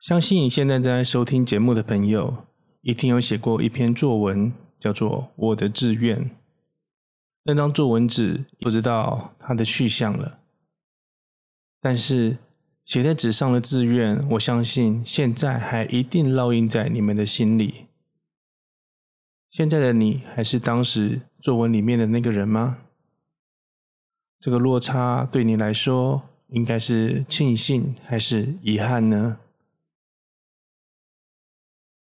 相信你現在正在收聽節目的朋友，一定有寫過一篇作文，叫做《我的志願》。那張作文紙不知道它的去向了，但是寫在紙上的志願，我相信現在還一定烙印在你們的心裡。現在的你還是當時作文裡面的那個人嗎？這個落差對你來說，應該是慶幸還是遺憾呢？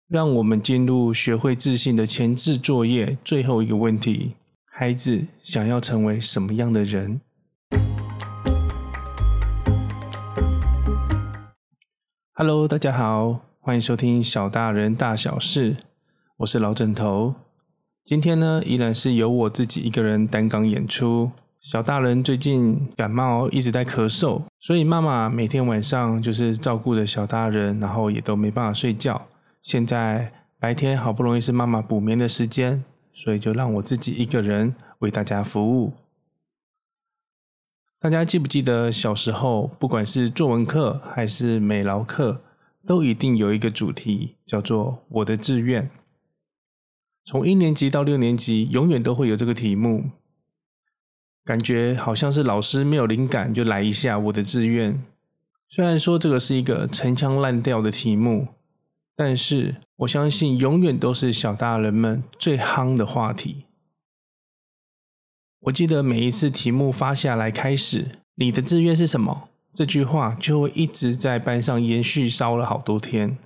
讓我們進入學會自信的前置作業最後一個問題：孩子想要成為什麼樣的人？Hello，大家好，歡迎收聽小大人大小事，我是老枕頭。今天呢，依然是由我自己一個人擔綱演出。小大人最近感冒，一直在咳嗽，所以媽媽每天晚上就是照顧着小大人，然後也都沒辦法睡覺。現在白天好不容易是媽媽補眠的時間，所以就讓我自己一個人為大家服務。大家記不記得小時候，不管是作文課還是美勞課，都一定有一個主題叫做“我的志願”，從一年級到六年級，永遠都會有這個題目。感覺好像是老師沒有靈感就來一下我的志願。雖然說這個是一個陳腔濫調的題目，但是我相信永遠都是小大人們最夯的話題。我記得每一次題目發下來開始，“你的志願是什麼？”這句話就會一直在班上延續燒了好多天。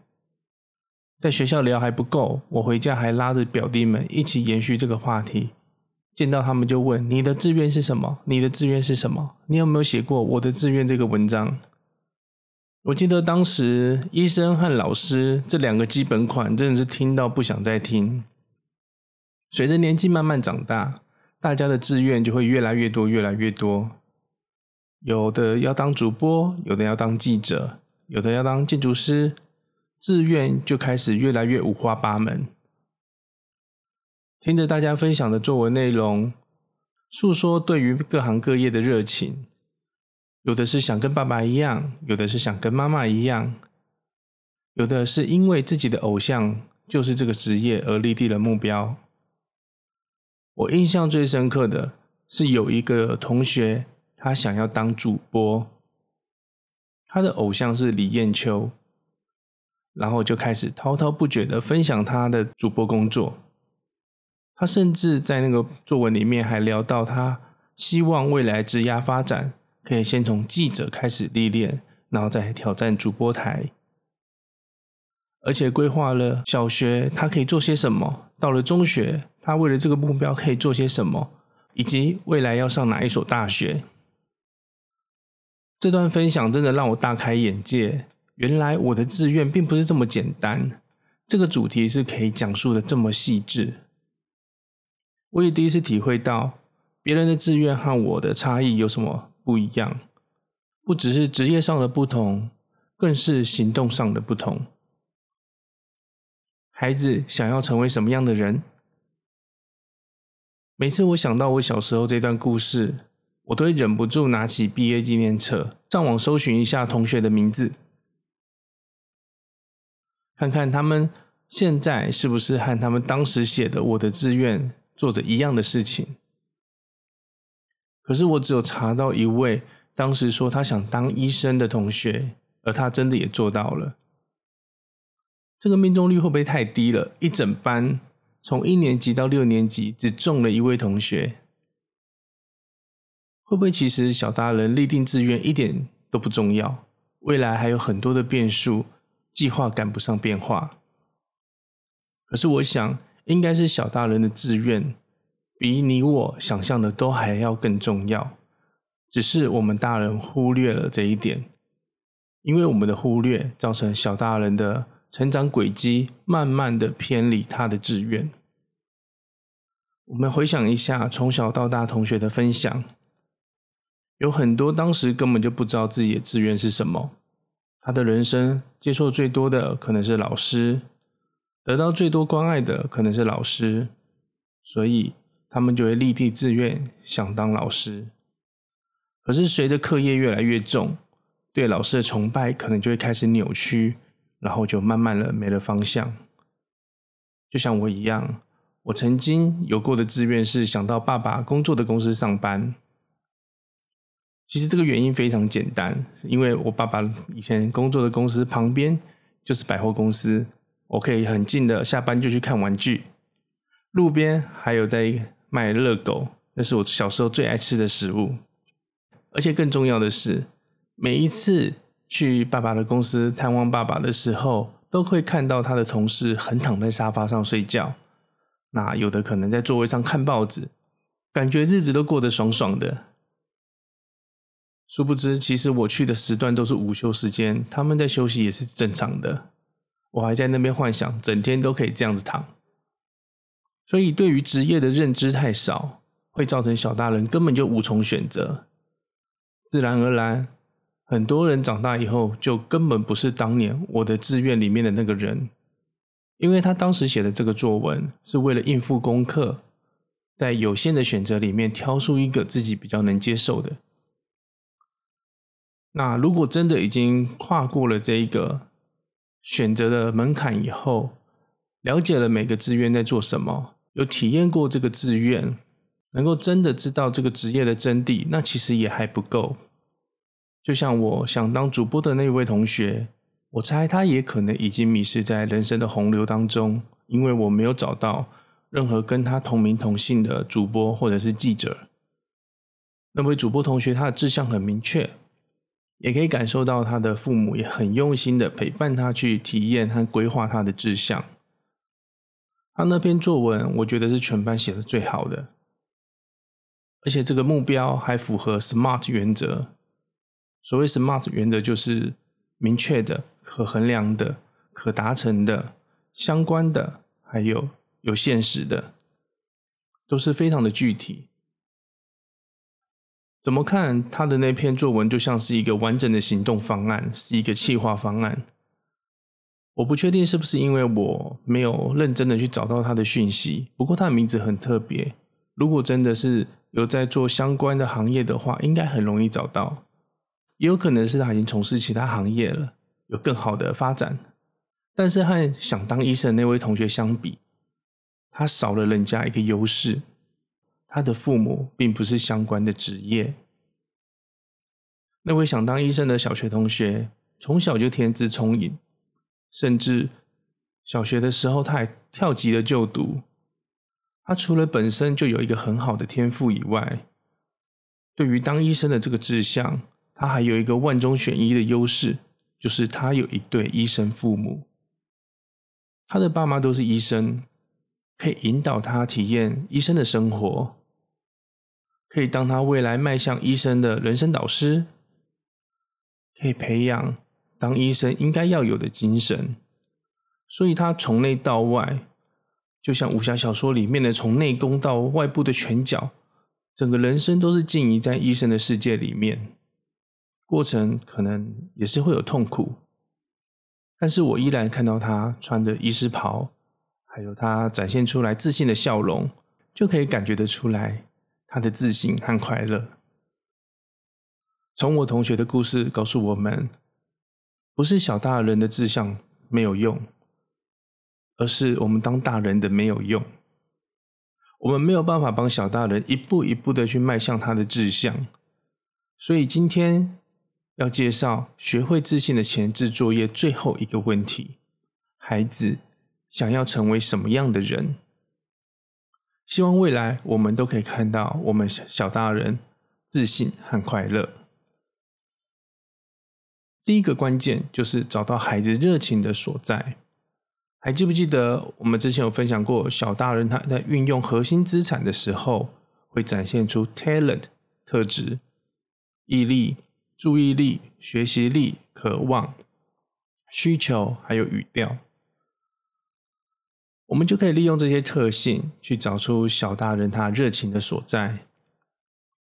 在學校聊還不夠，我回家還拉着表弟們一起延續這個話題。見到他們就問，你的志願是什麼？你的志願是什麼？你有沒有寫過我的志願這個文章？我記得當時醫生和老師這兩個基本款真的是聽到不想再聽。隨着年紀慢慢長大，大家的志願就會越來越多，越來越多。有的要當主播，有的要當記者，有的要當建築師，志願就開始越來越五花八門。聽着大家分享的作文內容，訴說對於各行各業的熱情，有的是想跟爸爸一樣，有的是想跟媽媽一樣，有的是因為自己的偶像就是這個職業而立定了目標。我印象最深刻的是有一個同學，他想要當主播，他的偶像是李艷秋，然後就開始滔滔不絕的分享他的主播工作。他甚至在那個作文裡面還聊到，他希望未來職業發展可以先從記者開始歷練，然後再挑戰主播台，而且規劃了小學他可以做些什麼，到了中學他為了這個目標可以做些什麼，以及未來要上哪一所大學。這段分享真的讓我大開眼界，原來我的志願並不是這麼簡單，這個主題是可以講述的這麼細緻。我也第一次體會到別人的志願和我的差異有什麼不一樣，不只是職業上的不同，更是行動上的不同。孩子想要成為什麼樣的人？每次我想到我小時候這段故事，我都會忍不住拿起畢業紀念冊，上網搜尋一下同學的名字，看看他們現在是不是和他們當時寫的我的志願做着一樣的事情，可是我只有查到一位當時說他想當醫生的同學，而他真的也做到了。這個命中率會不會太低了？一整班從一年級到六年級，只中了一位同學，會不會其實小大人立定志願一點都不重要？未來還有很多的變數，計劃趕不上變化。可是我想。應該是小大人的志願，比你我想象的都還要更重要。只是我們大人忽略了這一點，因為我們的忽略，造成小大人的成長軌跡慢慢的偏離他的志願。我們回想一下從小到大同學的分享，有很多當時根本就不知道自己的志願是什麼，他的人生接觸最多的可能是老師。得到最多關愛的可能是老師，所以他們就會立地志願想當老師。可是隨着課業越來越重，對老師的崇拜可能就會開始扭曲，然後就慢慢的沒了方向。就像我一樣，我曾經有過的志願是想到爸爸工作的公司上班。其實這個原因非常簡單，因為我爸爸以前工作的公司旁邊就是百貨公司。我可以很近的下班就去看玩具，路邊還有在賣熱狗，那是我小時候最愛吃的食物。而且更重要的是，每一次去爸爸的公司探望爸爸的時候，都會看到他的同事橫躺在沙發上睡覺，那有的可能在座位上看報紙，感覺日子都過得爽爽的。殊不知，其實我去的時段都是午休時間，他們在休息也是正常的。我還在那邊幻想，整天都可以這樣子躺。所以對於職業的認知太少，會造成小大人根本就無從選擇。自然而然，很多人長大以後就根本不是當年我的志願裡面的那個人，因為他當時寫的這個作文是為了應付功課，在有限的選擇裡面挑出一個自己比較能接受的。那如果真的已經跨過了這一個。選擇了門檻以後，了解了每個志願在做什麼，有體驗過這個志願，能夠真的知道這個職業的真諦，那其實也還不夠。就像我想當主播的那位同學，我猜他也可能已經迷失在人生的洪流當中，因為我沒有找到任何跟他同名同姓的主播或者是記者。那位主播同學他的志向很明確。也可以感受到他的父母也很用心的陪伴他去體驗和規劃他的志向。他那篇作文，我覺得是全班寫的最好的，而且這個目標還符合 SMART 原則。所謂 SMART 原則，就是明確的、可衡量的、可達成的、相關的，還有有現實的，都是非常的具體。怎麼看他的那篇作文，就像是一個完整的行動方案，是一個企劃方案。我不確定是不是因為我沒有認真的去找到他的訊息。不過他的名字很特別，如果真的是有在做相關的行業的話，應該很容易找到。也有可能是他已經從事其他行業了，有更好的發展。但是和想當醫生那位同學相比，他少了人家一個優勢。他的父母並不是相關的職業。那位想當醫生的小學同學從小就天資聰穎，甚至小學的時候他還跳級了就讀。他除了本身就有一個很好的天賦以外，對於當醫生的這個志向，他還有一個萬中選一的優勢，就是他有一對醫生父母。他的爸媽都是醫生，可以引導他體驗醫生的生活。可以當他未來邁向醫生的人生導師，可以培養當醫生應該要有的精神。所以，他從內到外，就像武俠小說裡面的從內功到外部的拳腳，整個人生都是浸淫在醫生的世界裡面。過程可能也是會有痛苦，但是我依然看到他穿的醫師袍，還有他展現出來自信的笑容，就可以感覺得出來。他的自信和快樂，從我同學的故事告訴我們，不是小大人的志向沒有用，而是我們當大人的沒有用，我們沒有辦法幫小大人一步一步的去邁向他的志向。所以今天要介紹學會自信的前置作業最後一個問題：孩子想要成為什麼樣的人？希望未來我們都可以看到我們小大人自信和快樂。第一個關鍵就是找到孩子熱情的所在。還記不記得我們之前有分享過，小大人他在運用核心資產的時候，會展現出 talent 特質、毅力、注意力、學習力、渴望、需求，還有語調。我們就可以利用這些特性去找出小大人他熱情的所在。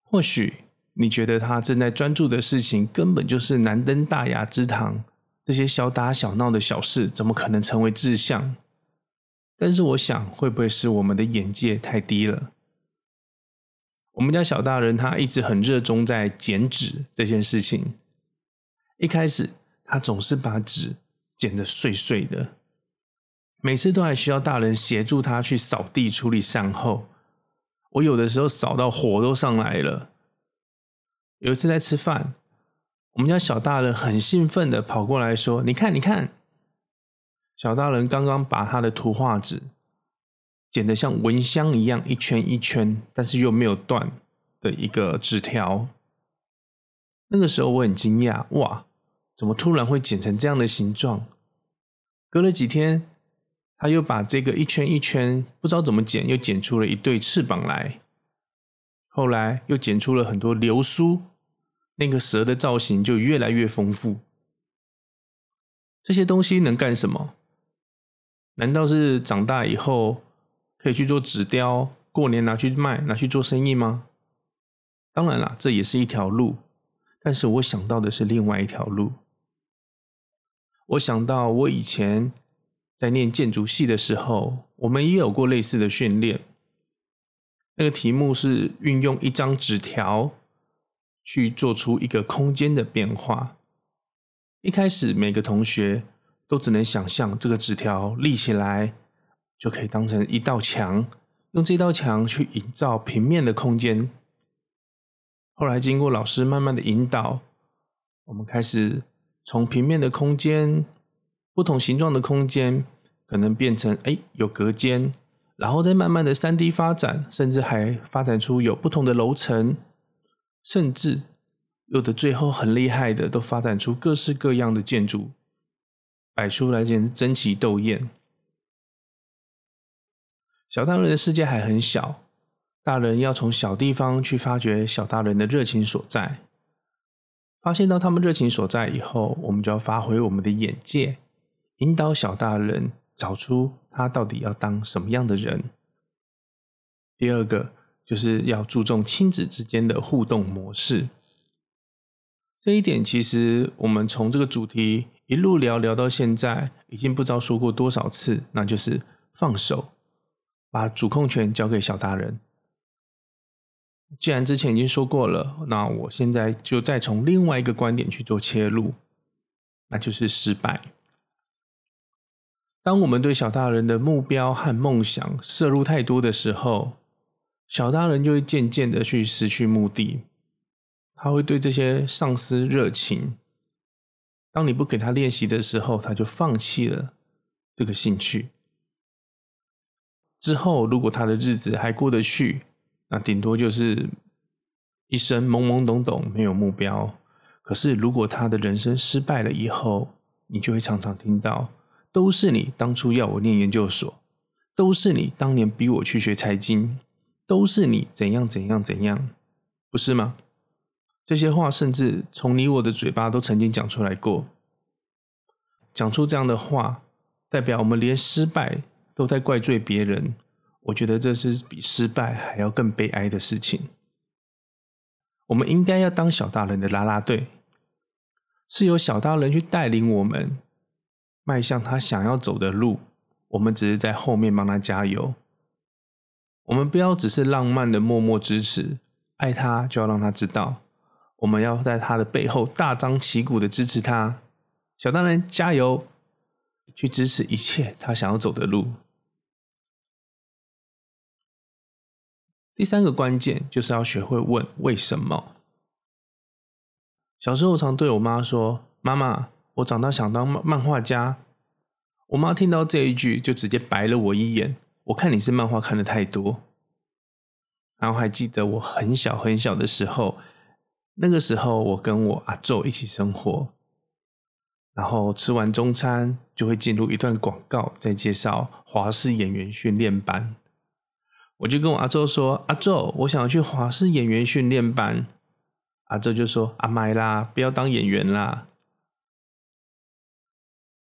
或許你覺得他正在專注的事情根本就是難登大雅之堂，這些小打小鬧的小事怎麼可能成為志向？但是我想，會不會是我們的眼界太低了？我們家小大人他一直很熱衷在剪紙這件事情。一開始，他總是把紙剪得碎碎的。每次都還需要大人協助他去掃地、處理善後。我有的時候掃到火都上來了。有一次在吃飯，我們家小大人很興奮的跑過來說：“你看，你看，小大人剛剛把他的圖畫紙剪得像蚊香一樣一圈一圈，但是又沒有斷的一個紙條。”那個時候我很驚訝，哇，怎麼突然會剪成這樣的形狀？隔了幾天。他又把這個一圈一圈不知道怎麼剪，又剪出了一對翅膀來。後來又剪出了很多流蘇，那個蛇的造型就越來越豐富。這些東西能幹什麼？難道是長大以後可以去做紙雕，過年拿去賣，拿去做生意嗎？當然啦，這也是一條路，但是我想到的是另外一條路。我想到我以前。在念建築系的時候，我們也有過類似的訓練。那個題目是運用一張紙條去做出一個空間的變化。一開始，每個同學都只能想象這個紙條立起來就可以當成一道牆，用這道牆去營造平面的空間。後來，經過老師慢慢的引導，我們開始從平面的空間。不同形狀的空間可能變成哎、欸、有隔間，然後再慢慢的 3D 發展，甚至還發展出有不同的樓層，甚至有的最後很厲害的都發展出各式各樣的建築，擺出來簡直爭奇鬥艷。小大人的世界還很小，大人要從小地方去發掘小大人的熱情所在，發現到他們熱情所在以後，我們就要發揮我們的眼界。引導小大人找出他到底要當什麼樣的人。第二個就是要注重親子之間的互動模式。這一點其實我們從這個主題一路聊聊到現在，已經不知道說過多少次，那就是放手，把主控權交給小大人。既然之前已經說過了，那我現在就再從另外一個觀點去做切入，那就是失敗。當我們對小大人的目標和夢想攝入太多的時候，小大人就會漸漸的去失去目的。他會對這些喪失熱情。當你不給他練習的時候，他就放棄了這個興趣。之後，如果他的日子還過得去，那頂多就是一生懵懵懂懂，沒有目標。可是，如果他的人生失敗了以後，你就會常常聽到。都是你當初要我念研究所，都是你當年逼我去學財經，都是你怎樣怎樣怎樣，不是嗎？這些話甚至從你我的嘴巴都曾經講出來過。講出這樣的話，代表我們連失敗都在怪罪別人，我覺得這是比失敗還要更悲哀的事情。我們應該要當小大人的啦啦隊，是由小大人去帶領我們。邁向他想要走的路，我們只是在後面幫他加油。我們不要只是浪漫的默默支持，愛他就要讓他知道，我們要在他的背後大張旗鼓的支持他。小大人加油，去支持一切他想要走的路。第三個關鍵就是要學會問為什麼。小時候常對我媽說：“媽媽，”我長大想當漫畫家，我媽聽到這一句就直接白了我一眼，我看你是漫畫看得太多。然後還記得我很小很小的時候，那個時候我跟我阿祖一起生活，然後吃完中餐就會進入一段廣告，在介紹華視演員訓練班。我就跟我阿祖說：“阿祖，我想要去華視演員訓練班。”阿祖就說：“阿、啊、麥啦，不要當演員啦。”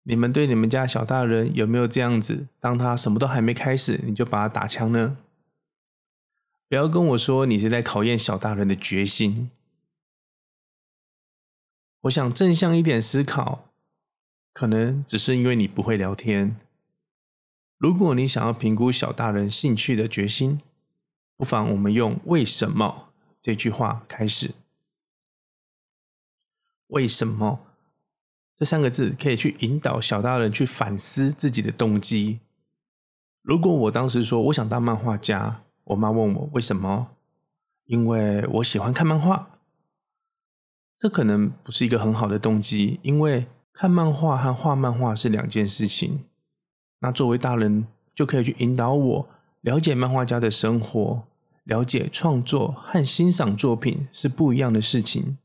你們對你們家小大人有沒有這樣子？當他什麼都還沒開始，你就把他打槍呢？不要跟我說你是在考驗小大人的決心。我想正向一點思考，可能只是因為你不會聊天。如果你想要評估小大人興趣的決心，不妨我們用“為什麼”這句話開始。為什麼？這三個字可以去引導小大人去反思自己的動機。如果我當時說我想當漫畫家，我媽問我為什麼？因為我喜歡看漫畫。這可能不是一個很好的動機，因為看漫畫和畫漫畫是兩件事情。那作為大人就可以去引導我了解漫畫家的生活，了解創作和欣賞作品是不一樣的事情。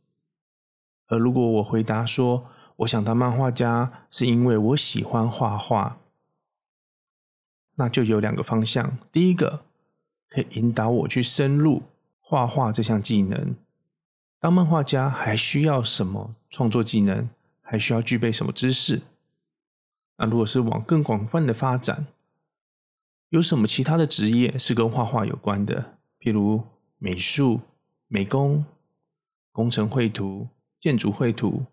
而如果我回答說，我想當漫畫家，是因為我喜歡畫畫。那就有兩個方向：第一個可以引導我去深入畫畫這項技能。當漫畫家還需要什麼創作技能？還需要具備什麼知識？那如果是往更廣泛的發展，有什麼其他的職業是跟畫畫有關的？譬如美術、美工、工程繪圖、建築繪圖。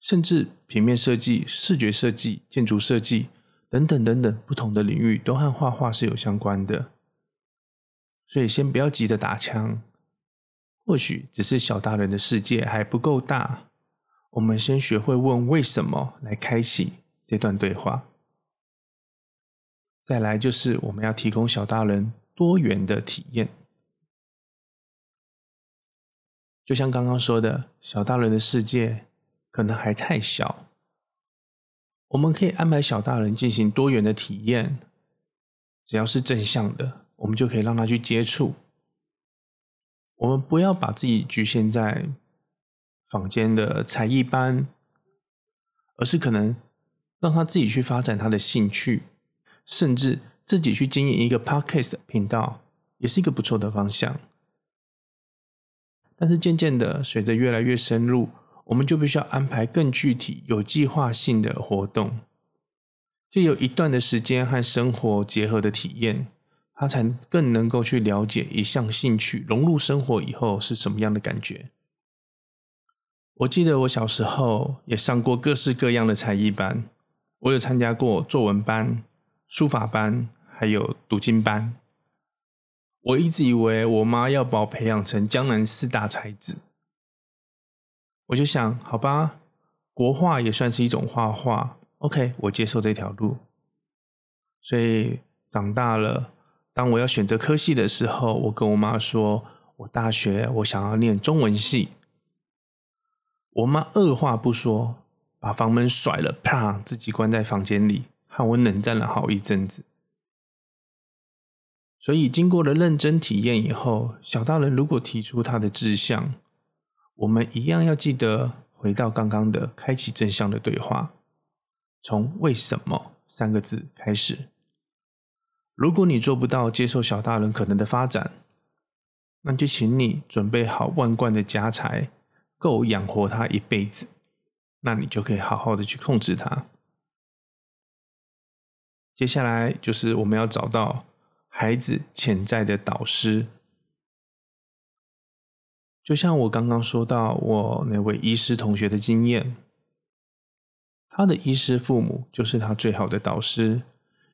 甚至平面設計、視覺設計、建築設計等等等等不同的領域，都和畫畫是有相關的。所以，先不要急着打槍，或許只是小大人的世界還不夠大。我們先學會問為什麼來開啟這段對話。再來就是我們要提供小大人多元的體驗，就像剛剛說的，小大人的世界。可能還太小，我們可以安排小大人進行多元的體驗，只要是正向的，我們就可以讓他去接觸。我們不要把自己局限在坊間的才藝班，而是可能讓他自己去發展他的興趣，甚至自己去經營一個 podcast 頻道，也是一個不錯的方向。但是漸漸的，隨着越來越深入，我們就必須要安排更具體、有計劃性的活動，借由一段的時間和生活結合的體驗，他才更能夠去了解一項興趣，融入生活以後是什麼樣的感覺。我記得我小時候也上過各式各樣的才藝班，我有參加過作文班、書法班，還有讀經班。我一直以為我媽要把我培養成江南四大才子。我就想，好吧，國畫也算是一種畫畫，OK，我接受這條路。所以長大了，當我要選擇科系的時候，我跟我媽說，我大學我想要念中文系，我媽二話不說，把房門甩了，啪，自己關在房間裡，和我冷戰了好一陣子。所以經過了認真體驗以後，小大人如果提出他的志向。我們一樣要記得回到剛剛的開啟正向的對話，從“為什麼”三個字開始。如果你做不到接受小大人可能的發展，那就請你準備好萬貫的家財，夠養活他一輩子，那你就可以好好的去控制他。接下來就是我們要找到孩子潛在的導師。就像我剛剛說到，我那位醫師同學的經驗，他的醫師父母就是他最好的導師，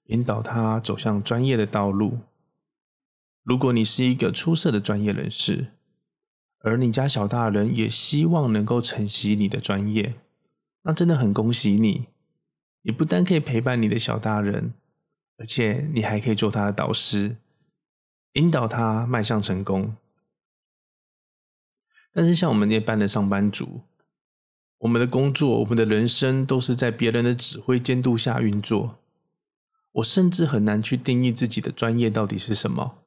引導他走向專業的道路。如果你是一個出色的專業人士，而你家小大人也希望能夠承襲你的專業，那真的很恭喜你！你不但可以陪伴你的小大人，而且你還可以做他的導師，引導他邁向成功。但是，像我們那般的上班族，我們的工作、我們的人生都是在別人的指揮、監督下運作。我甚至很難去定義自己的專業到底是什麼。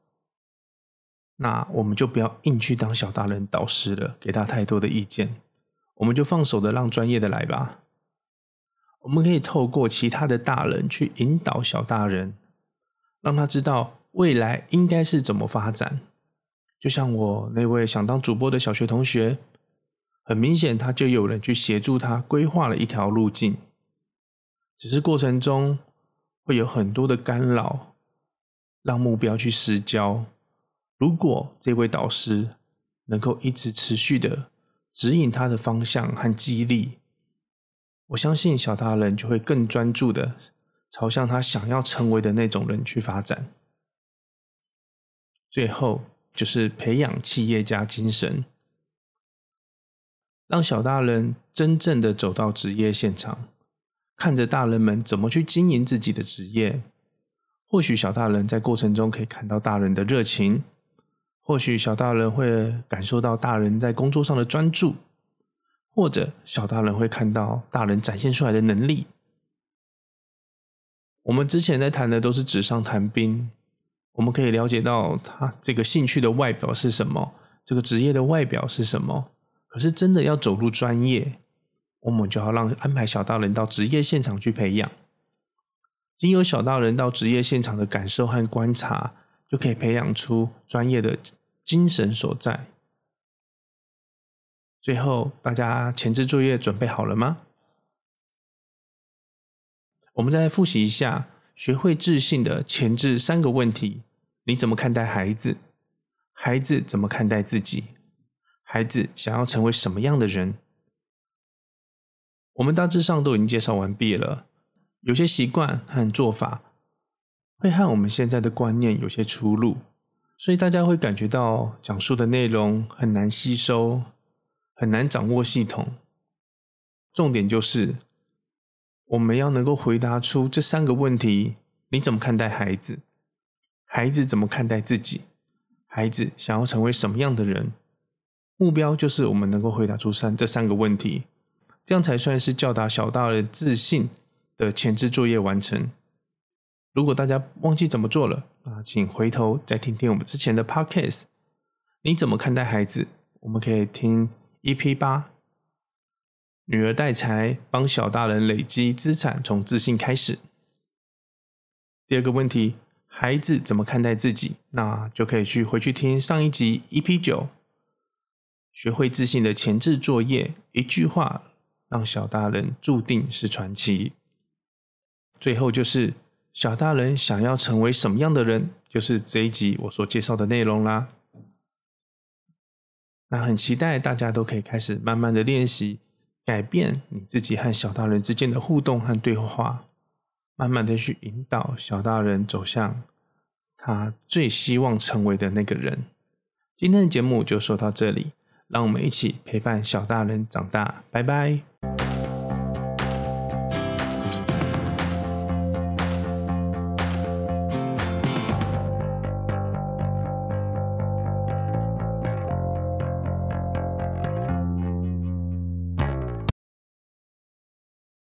那我們就不要硬去當小大人導師了，給他太多的意見。我們就放手的讓專業的來吧。我們可以透過其他的大人去引導小大人，讓他知道未來應該是怎麼發展。就像我那位想當主播的小學同學，很明顯他就有人去協助他規劃了一條路徑，只是過程中會有很多的干擾，讓目標去失焦。如果這位導師能夠一直持續的指引他的方向和激勵，我相信小大人就會更專注的朝向他想要成為的那種人去發展。最後。就是培養企業家精神，讓小大人真正的走到職業現場，看着大人們怎麼去經營自己的職業。或許小大人在過程中可以看到大人的熱情，或許小大人會感受到大人在工作上的專注，或者小大人會看到大人展現出來的能力。我們之前在談的都是紙上談兵。我們可以了解到他這個興趣的外表是什麼，這個職業的外表是什麼。可是真的要走入專業，我們就要讓安排小大人到職業現場去培養。經由小大人到職業現場的感受和觀察，就可以培養出專業的精神所在。最後，大家前置作業準備好了嗎？我們再來複習一下，學會自信的前置三個問題。你怎麼看待孩子？孩子怎麼看待自己？孩子想要成為什麼樣的人？我們大致上都已經介紹完畢了。有些習慣和做法會和我們現在的觀念有些出入，所以大家會感覺到講述的內容很難吸收，很難掌握系統。重點就是我們要能夠回答出這三個問題：你怎麼看待孩子？孩子怎麼看待自己？孩子想要成為什麼樣的人？目標就是我們能夠回答出三這三個問題，這樣才算是教導小大人自信的前置作業完成。如果大家忘記怎麼做了啊，請回頭再聽聽我們之前的 podcast。你怎麼看待孩子？我們可以聽 EP 八，《女兒帶財》，幫小大人累積資產，從自信開始。第二個問題。孩子怎麼看待自己，那就可以去回去聽上一集 EP9，學會自信的前置作業，一句話讓小大人注定是傳奇。最後就是小大人想要成為什麼樣的人，就是這一集我所介紹的內容啦。那很期待大家都可以開始慢慢的練習，改變你自己和小大人之間的互動和對話。慢慢的去引導小大人走向他最希望成為的那個人。今天的節目就說到這裡，讓我們一起陪伴小大人長大，拜拜。